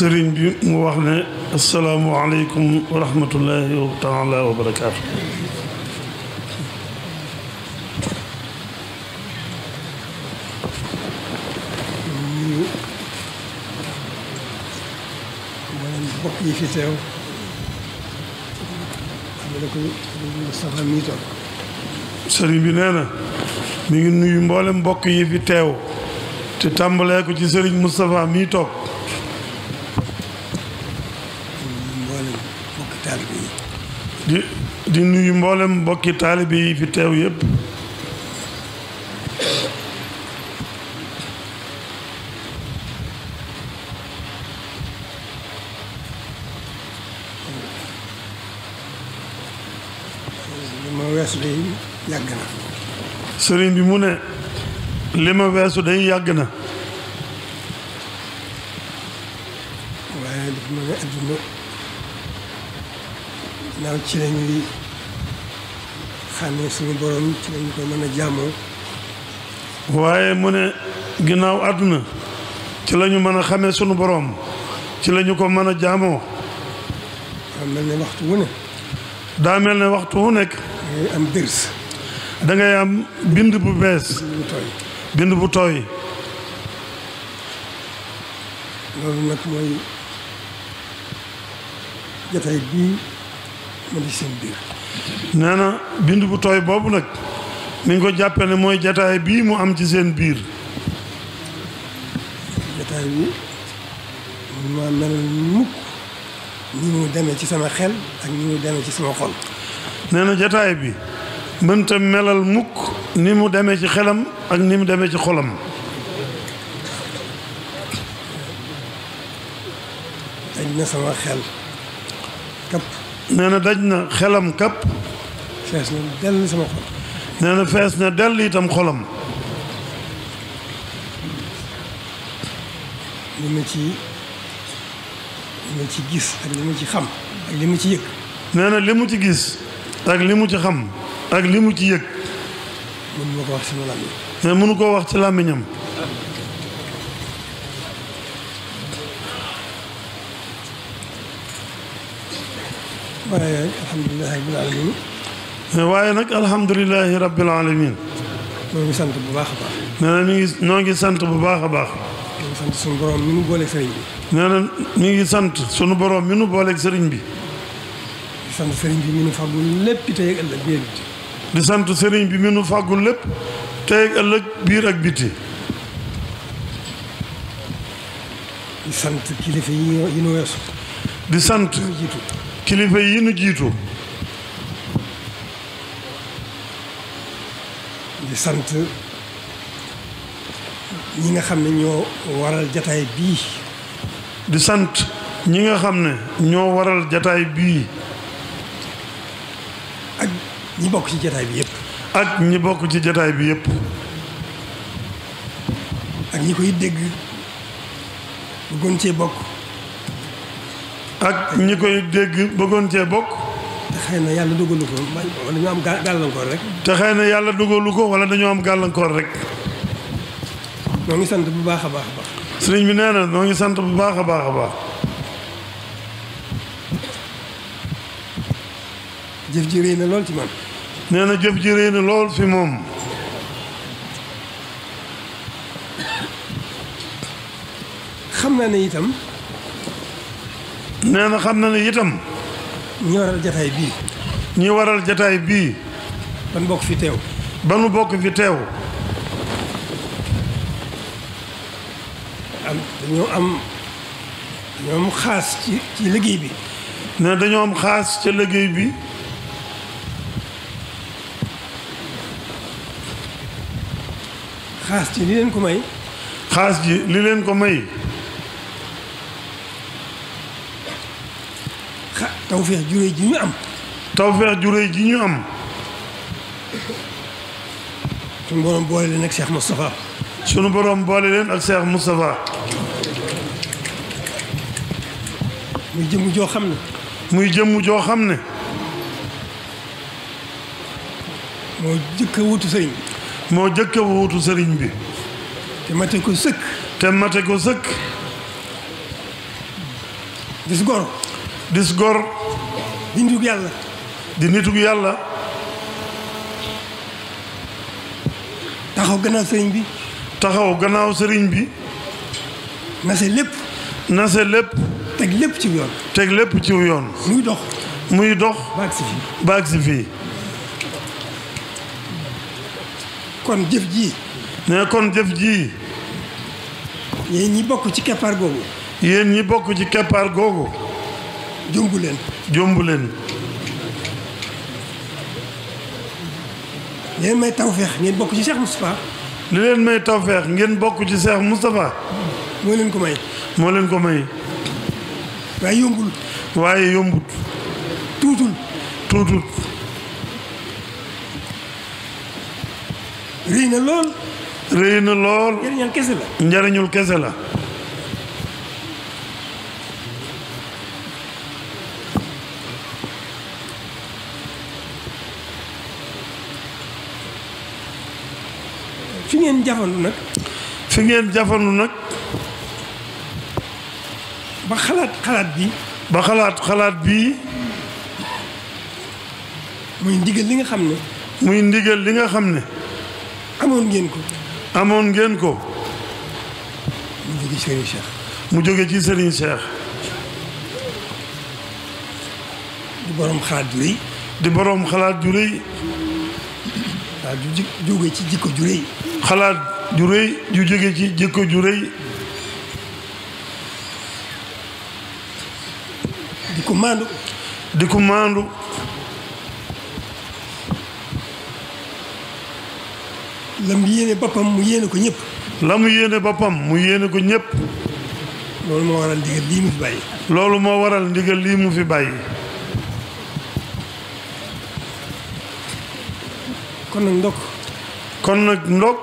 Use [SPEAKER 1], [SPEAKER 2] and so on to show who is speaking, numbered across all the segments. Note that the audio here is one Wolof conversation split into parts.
[SPEAKER 1] سرين بي مو السلام عليكم ورحمه الله تعالى وبركاته سرين بي نانا مي نوي مبوك يفي تيو تي تامبلي كو سي سرين مصطفى مي توك taalibe yi di di nuyu mboolem mbokki taalibe yi fi teew yépp li ma weesu day yàgg na sëriñ bi mu ne li ma weesu day yàgg na waaye ginnaaw ci la ñuy xàmmee suñu ci la ko mën a jaamoo. waaye mu ne ginnaaw àdduna ci lañu mën a xàmmee suñu boroom ci lañu ko mën a jaamoo. daa mel ne waxtu wu ne. daa mel ne waxtu wu nekk. da am bind bu bees. bind bu tooy. bind bu mooy jotaay bii. mu ngi seen biir. nee na bind bu tooy boobu nag mi ngi ko jàppe ne mooy jataay bii mu am ci seen biir. jataay bi ma mel mukk ni mu demee ci sama xel ak ni mu demee ci sama xol. nee na jataay bi mënta melal mukk ni mu demee ci xelam ak ni mu demee ci xolam. daj na sama xel kapp. نانا دجنا خلم كاب فاسنا دلي سما خلم نانا فاسنا دلي تم خلم لمتي لمتي جيس اك لمتي خم اك لمتي يك نانا لمتي جيس اك لمتي خم اك لمتي يك من وقوة سنو لامي نانا من وقوة سنو لامي الحمد لله رب العالمين وينك الحمد لله رب العالمين نوغي سانت بو باخ باخ نوغي سانت بو باخ باخ نوغي سانت سونو بروم مينو بولي سيرين بي نانا نيغي سانت سونو بروم مينو بولي سيرين بي سانت سيرين بي مينو فاغول ليب تيك الله بير دي سانت سيرين بي مينو فاغول ليب تيك الله بير اك بيتي دي سانت كيليفي ينو يسو دي سانت kilifa yi nu jiitu di sant ñi nga xam ne ñoo waral jataay bii di sant ñi nga xam ne ñoo waral jataay bii ak ñi bokk ci jataay bi yëpp ak ñi bokk ci jataay bi yëpp ak ñi koy dégg bëggoon cee bokk ak ñi koy dégg bëggoon cee bokk. te xëy na yàlla dugalu ko wala dañoo am gàllankoor rek. te xëy na yàlla dugalu ko wala dañoo am gàllankoor rek. noo ngi sant bu baax a baax a bi nee na noo ngi sant bu baax a baax a baax. jëf ji rëy na nee na jëf ji rëy na lool fi moom. xam naa ne itam. nee na xam na ne itam. ñi waral jataay bii. ñi waral jataay bii. ban bokk fi teew. ba nu bokk fi teew. am dañoo am xaas ci ci liggéey bi. ne dañoo am xaas ca liggéey bi. xaas ci li leen ko may. xaas ji li leen ko may. tawfeex juree ji ñu am. tawfeex juree ji ñu am. sunu borom boole leen ak Cheikh Moustapha. sunu boroom boole leen ak Cheikh Moustapha. muy jëmm joo xam ne. muy jëmm joo xam ne. moo jëkk a sëriñ bi. moo jëkk a sëriñ bi. te mate ko sëkk. te mate ko sëkk. dis gor. di yalla di nitug yalla taxaw gannaaw sëriñ bi taxaw gënaaw sëriñ bi nase lépp nase lépp teg lépp ci yoon teg lépp ci yoon muy dox muy dox baax si fii baag kon jëf ji ne kon jëf ji yeen ñi bokku ci képar googu yeen ñi bokku ci képar googu jombu leen. jombu leen. li leen may tawfeex ngeen bokk ci Cheikh Moustapha. li leen may tawfeex ngeen bokk ci Cheikh Moustapha. moo leen ko may. moo leen ko may. waaye yombul. waaye yombul. tuutul. tuutul. rëy na lool. réy na lool. njëriñul kese la. njëriñul kese la. fi ngeen jafandu nag. fi ngeen jafandu nag. ba xalaat xalaat bi. ba xalaat xalaat bii. muy ndigal li nga xam ne. muy ndigal li nga xam ne. amoon ngeen ko. amoon ngeen ko. mu jóge ci Serigne mu jóge ci Serigne Cheikh. di borom xalaat ju di boroom xalaat ju rëy. waaw ju jóge ci jikko ju xalaat ju rëy ju jóge ci jikko ju rëy maandu di maandu la mu yéene boppam mu yéene ko ñëpp la mu boppam mu yéene ñëpp loolu moo waral ndigal lii mu fi bàyyi loolu moo waral ndigal lii mu fi bàyyi kon nag kon nag ndok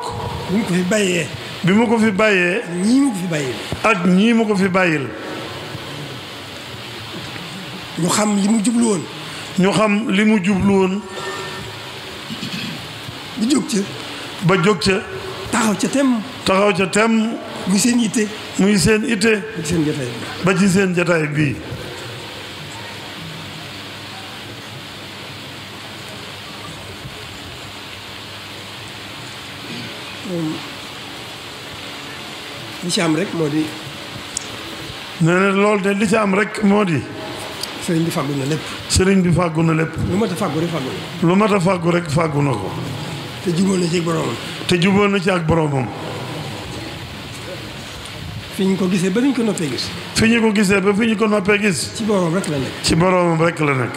[SPEAKER 1] bi mu ko fi bàyyee bi mu ko fi bàyyee ko fi bàyyil ak ñii mu ko fi bàyyil ñu xam li mu jubluwoon ñu xam li mu jublu ba jóg ca ba jóg taxaw ca temm taxaw ca temm muy seen itte muy seen itte ba ci seen ba ci seen jataay bii li ci am rek moo di. nee loolu de li ci am rek moo di. sëriñ bi fàggu na lépp. sëriñ bi fàggu na lépp. lu mat a fàggu rek fàggu lu mat a rek fàggu ko. te jubóo na ci ak boroomam. te jubóo na ci ak boroomam. fi ñu ko gisee ba fi ñu ko noppee gis. fi ñu ko gisee ba fi ci boroomam rek la nekk.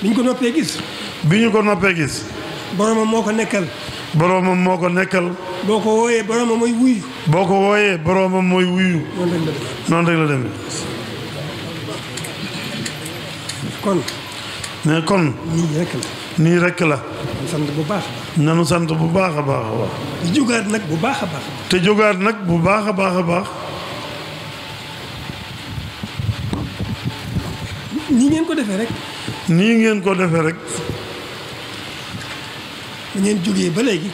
[SPEAKER 1] bi ñu ko noppee gis. bi ñu ko noppee gis. boroomam moo ko nekkal. boroomam moo ko nekkal. boo ko wooyee boroomam mooy wuyu. boo ko wooyee boroomam mooy wuyu. noonu rek la demee. kon. mais kon. nii rek la. nii rek la. nanu sant bu baax a baax. sant bu baax a baax te jógaat nag bu baax a baax. te jógaat nag bu baax a baax a baax. nii ngeen ko defee rek. nii ngeen ko defee rek. ba ngeen jógee ba léegi.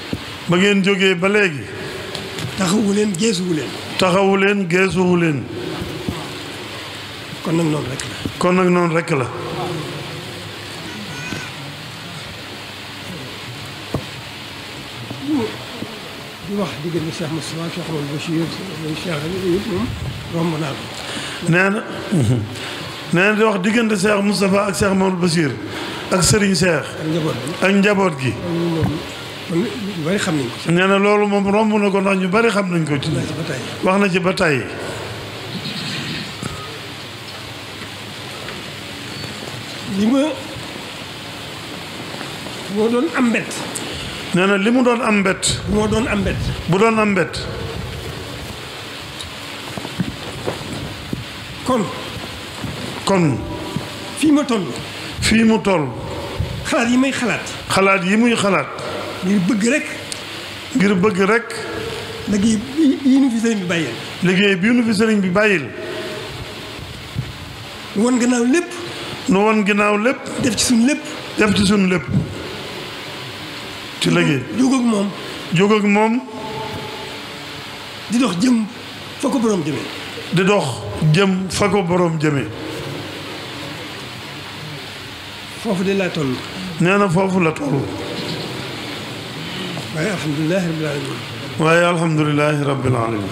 [SPEAKER 1] ba ngeen jógee ba léegi. taxawu leen geesuwu leen. leen geesuwu leen. kon nag noonu rek kon nag noonu rek la. di wax diggante Cheikh Moustapha Cheikh Amadou Bachir Cheikh moom romb naa na nee na di wax diggante Cheikh Moustapha ak Cheikh Amadou Bachir. ak sëriñ Seex ak njaboot gi nee loolu moom romb na ko ndax ñu bari xam nañ ko ci wax na ji ba tàyyi li ma moo doon am mbet nee na li mu doon am mbett moo doon am bu doon am mbett kon kon fii ma toll fii mu toll. xalaat yi may xalaat. xalaat yi muy xalaat. ngir bëgg rek. ngir bëgg rek. liggéey bii nu bi bàyyil. liggéey bii nu bi bàyyil. nu won gannaaw lépp. nu won gannaaw lépp. def ci suñ lépp. def ci suñ lépp. ci liggéey. jóg moom. jóg moom. di dox jëm fa ko borom jëmee. di dox jëm fa ko borom jëmee. فوف دي نانا فوف لا الحمد لله رب العالمين الحمد لله رب العالمين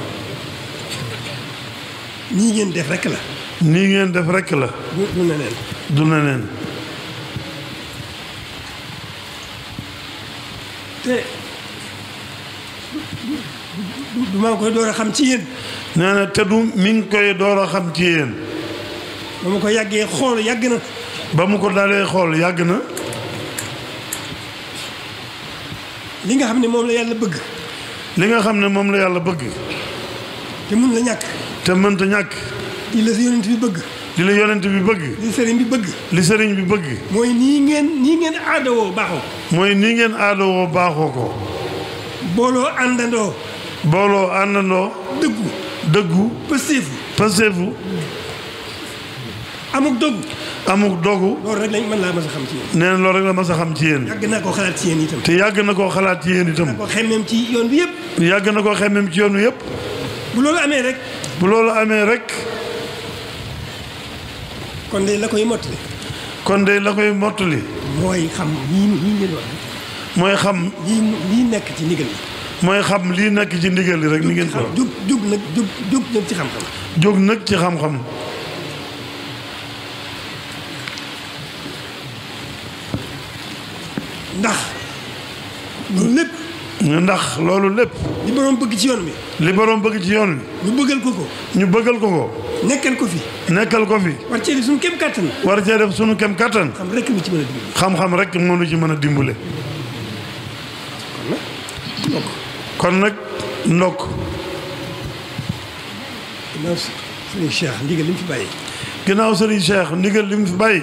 [SPEAKER 1] ني نين ديف رك لا ني نين ديف رك لا دونا نين دونا نين تي دوما كوي دورا خام تي يين نانا تدوم مين كوي دورا خام تي يين دوما كوي ياغي خول ياغنا ba mu ko dalee xool yàgg na. li nga xam ne moom la yàlla bëgg. li nga xam ne moom la yàlla bëgg. te mën la ñàkk. te mënta ñàkk. di la si yonent bi bëgg. li la yonent bi bëgg. li sëriñ bi bëgg. li sëriñ bi bëgg. mooy nii ngeen nii ngeen aadawoo baaxoo. mooy nii ngeen aadawoo baaxoo ko. booloo àndandoo. booloo àndandoo. dëggu. dëggu. pëseefu. pëseefu. amuk dëggu. amuk dogu. loolu rek lañ mën a xam ci yéen. loolu rek la mës a xam ci yéen. yàgg na koo xalaat ci yéen itam. te yàgg na ko xalaat ci yéen itam. yàgg na koo xemmeem ci yoon bi yëpp. yàgg na koo xemmeem ci yoon bi yëpp. bu loolu amee rek. bu loolu amee rek. kon de la koy mottali. kon de la koy mottali. mooy xam lii mooy xam. nekk ci ndigal li. mooy xam lii nekk ci ndigal li rek. ni ngeen jóg jóg jóg jóg ci xam-xam. ci xam-xam. ndax loolu lépp. ndax loolu lépp. li borom bëgg ci yoon bi. li borom bëgg ci yoon bi. ñu bëggal ko ko. ñu bëggal ko ko. nekkal ko fi. nekkal ko fi. war cee def sunu kem kattan. war cee def sunu kem kattan. xam ci mën a dimbale. xam-xam rek moo ci mën a dimbale. kon nag ndokk. ginnaaw Serigne Cheikh ndigal li mu fi bàyyi. ndigal li mu fi bàyyi.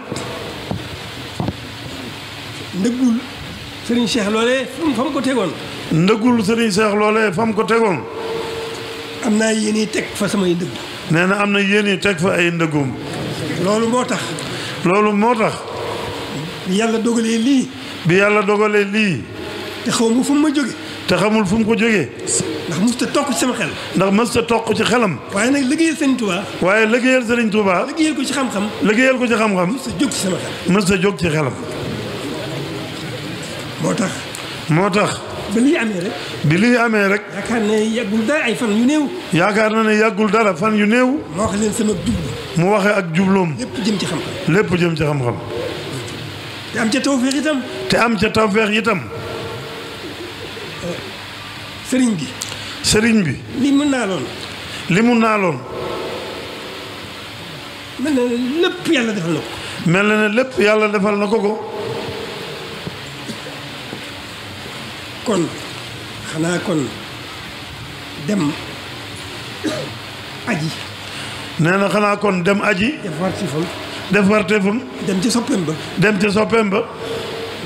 [SPEAKER 1] ndëggul Serigne Cheikh loolee fa mu ko tegoon. ndëggul Serigne Cheikh loolee fa mu ko tegoon. am naa yéen teg fa samay ndëgg. nee na am na yéen teg fa ay ndëggum. loolu moo tax. loolu moo tax. bi yàlla dogalee lii. bi yàlla dogalee lii. te xaw ma fu mu ma jóge te xamul fu mu ko jógee. ndax mësta toq ci sama xel. ndax mësta toq ci xelam. waaye nag liggéeyal Serigne Touba. waaye liggéeyal Serigne Touba. liggéeyal ko ci xam-xam. liggéeyal ko ci xam-xam. mësta jóg ci sama xel. mësta jóg ci xelam. موتخ موتخ بلي أميرك بلي أميرك يا كان يقول داعي فن ينيو يا كان يقول دار فن ينيو ما خلين سمع جبل ما واخي أك جبلهم لب جم تخم لب جم تخم خم تام جتوا في غيتم تام جتوا في غيتم سرينجي سرينجي لمن نالون لمن نالون من لب يلا دفن لكم من لب يلا دفن لكم خناكن خناكن دم أجي نانا خناكن دم أجي دفر تفهم دفر تفهم دم تسوبيمب دم تسوبيمب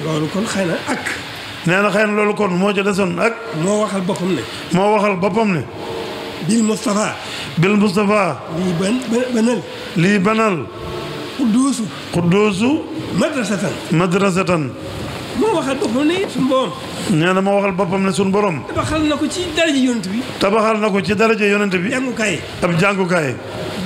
[SPEAKER 1] لولو كن خينا أك نانا خينا لولو كن مو جلسون أك مو وخل بقمني مو وخل بقمني بيل مصطفى بيل مصطفى لي بن بنل لي بنل قدوسو قدوسو مدرسة مدرسة moo waxal boppam ne suñu na moo waxal boppam ne suñu borom. tabaxal na ko ci daraja yonent bi. tabaxal na ko ci daraja yonent bi. jàngukaay. ab jàngukaay.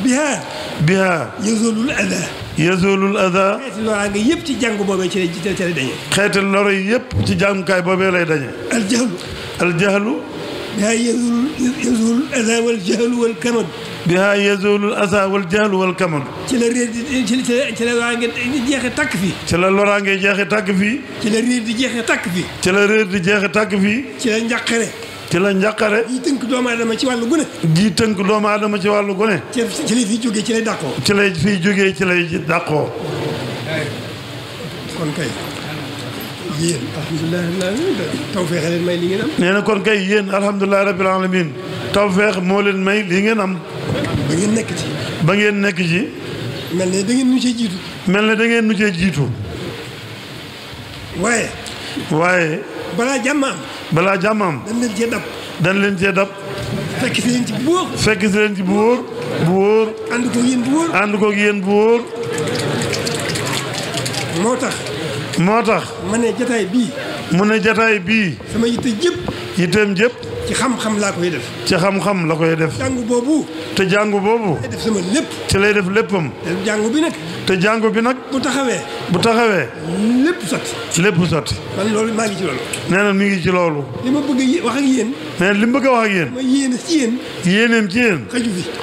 [SPEAKER 1] biha. biha. yazulul ada. yazulul ada. xeeti loraange yëpp ci ci lay ci lay dañee. xeeti loro yëpp ci jàngukaay boobee lay dañee. aljahlu. aljahlu. biha biha yazulu al asa wal jahlu wal kamal ci la réer di jeexe takk fii ci la loraa ngi jeexe tàkk fii ci la réer di jeexe tàkk fii ci la réer di jeexe tàkk fii ci la njàqare ci la njàqare ji tënk doomu aadama ci wàllu gune ji tënk doomu aadama ci wàllu gone ci lay fiy jógee ci lay dàqoo ci lay fiy jógee ci lay dàqoo kon الحمد لله توفيق لي ما لي انا كون الحمد لله رب العالمين توفيق مول أنا أقول لك ام نعم. با نين نك جي با نين نك جي أنا لي دا نين نوجي جيتو مل لي دا نين نوجي جيتو واي واي بلا جامام بلا جامام دا نين جي داب دا نين جي داب فك في نتي بور فك في نتي بور بور اندكو يين بور اندكو يين بور موتاخ moo tax. mu ne jataay bii. mu ne jataay bii. sama yitte jëpp. yitteem jëpp. ci xam-xam laa koy def. ci xam-xam la koy def. jàngu boobu. te jàngu boobu. def sama lépp. ci lay def léppam. jàngu bi nag. te jàngu bi nag. bu taxawee. bu taxawee. lépp sotti. lépp sotti. man loolu maa ngi ci loolu. nee na mi ngi ci loolu. li ma bëgg wax ak yéen. nee li mu bëgg a wax ak yéen. ma yéene ci yéen. yéeneem ci yéen.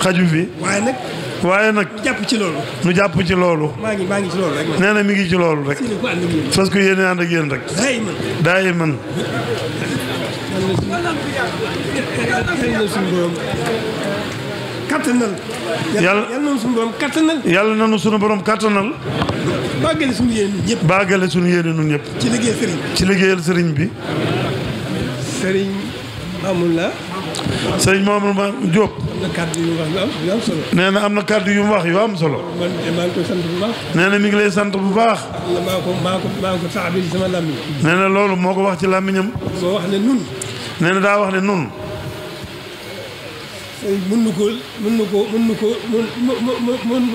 [SPEAKER 1] xaju fi waaye nag. waaye nag. jàpp ci lolu? nu jàpp ci loolu. mangi ngi maa ngi ci lolu? rek. nee na mi ngi ci loolu rek. fas ko yéene ànd ak yéen rek. daay man kattanal. yàlla yàlla na sunu borom kattanal. yàlla na sunu borom kattanal. baagale sunu yéene ñun ñëpp. sunu yéene ñun ñëpp. ci liggéey sëriñ. ci liggéeyal sëriñ bi. sëriñ Mamoun la. sëriñ Mamoun Diop. nee na am na kàddu yu mu wax yu am solo. nee na mi ngi lay sant bu baax. nee na loolu moo ko wax ci làmmiñam. nee na daa wax ne nun mën na koo mën na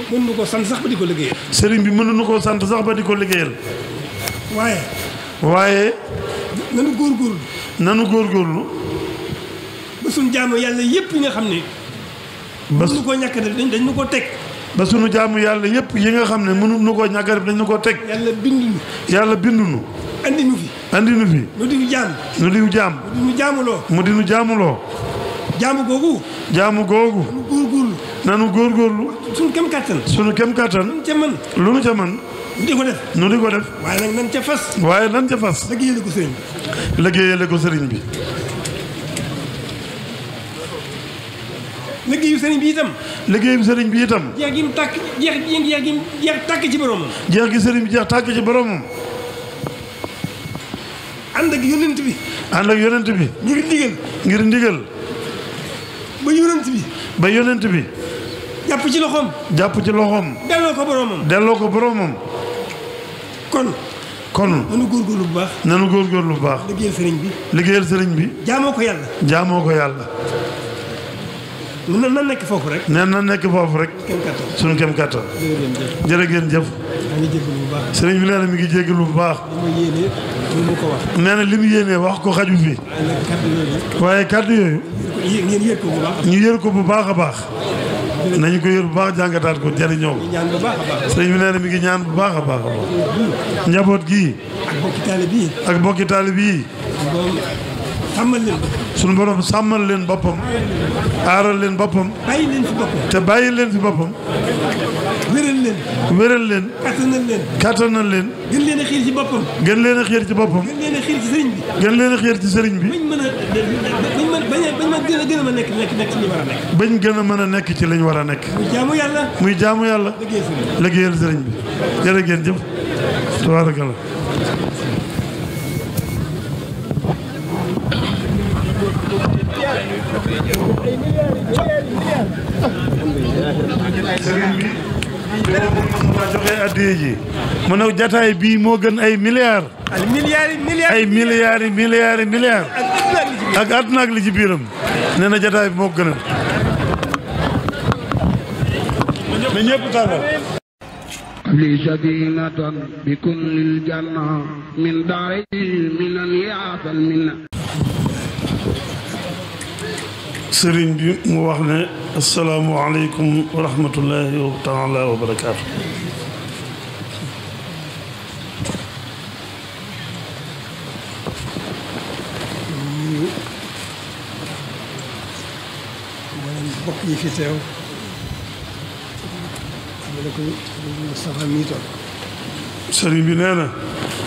[SPEAKER 1] koo mën sant sax ba di ko liggéeyal. sëriñ bi mën na koo sant sax ba di ko liggéeyal. waaye. waaye. nanu góorgóorlu. nanu góorgóorlu. ba sunu jaamu yàlla yépp yi xam ne. ba su ko ñàkk def dañ nu ko teg. ba sunu jaamu yàlla yëpp yi nga xam ne nu koo ñàkk def dañ nu ko teg. yàlla binduñu. yàlla binduñu. andi nu fi. andi nu fi. nu di jaam. nu di jaam. mu di nu jaamuloo. mu di nu jaamuloo. jaamu googu. jaamu googu. nanu góorgóorlu. sunu kem kattan. sunu kem kattan. lu nu ca mën. lu nu ca mën. nu di ko def. nu di ko def. waaye nag nan ca fas. waaye nan ca fas. liggéeyale ko sëriñ bi. liggéeyale sëriñ bi. liggéeyu sëriñ bi itam. liggéeyu sëriñ bi itam. jeex gi mu tàkk jeex jeex gi mu jeex tàkk ci boromam. jeex gi sëriñ bi jeex tàkk ci boromam. ànd ak yonent bi. ànd ak yonent bi. ngir ndigal. ngir ndigal. ba yonent bi. ba yonent bi. jàpp ci loxoom. jàpp ci loxoom. delloo ko boromam. delloo ko boromam. kon. kon nanu góorgóorlu bu baax. nanu góorgóorlu bu baax. liggéeyal sëriñ bi. liggéeyal sëriñ bi. jaamoo ko yàlla. jaamoo ko yàlla. na na nekk foofu rek. nee na nekk foofu rek. sunu kem kàttan. jërë ngeen jëf. sëriñ bi nee mi ngi jégalu bu baax. nee na li mu yéenee wax ko xajul fi. waaye kàddu yooyu. ñu yër ko bu baax a baax. nañu ko yër bu baax jàngataat ko jëriñoo ko. sëriñ bi nee mi ngi ñaan bu baax a baax a baax. njaboot gii. ak bokki taalib yi. sàmmal leen boppam. sunu borom sàmmal leen boppam. aaral leen boppam. bàyyi leen fi boppam. te bàyyi leen fi boppam. wéral leen. wéral leen. kattanal leen. kattanal leen. gën leen a xiir ci boppam. gën leen a xiir ci boppam. gën leen a xiir ci sëriñ bi. gën leen a xiir ci sëriñ bi. bañ mën a bañ a gën a mën a nekk nekk ci li war a nekk. bañ gën a mën a nekk ci lañ war a nekk. muy jaamu yàlla. muy jaamu yàlla. liggéeyal sëriñ bi. jërë ngeen jëf. tabaarakalla sëriñ bi joxe addiya ji mu ne jataay bii moo gën ay milliards. ay milliards ay milliards yi milliards milliards. ak àdduna ak li ci biiram. nee na jataay bi moo ko gënal. na ñëpp tàllal. li sadinatan bi kun lil janna min daari minan yaasal minna سرين بي مو السلام عليكم ورحمه الله تعالى وبركاته سرين بي نانا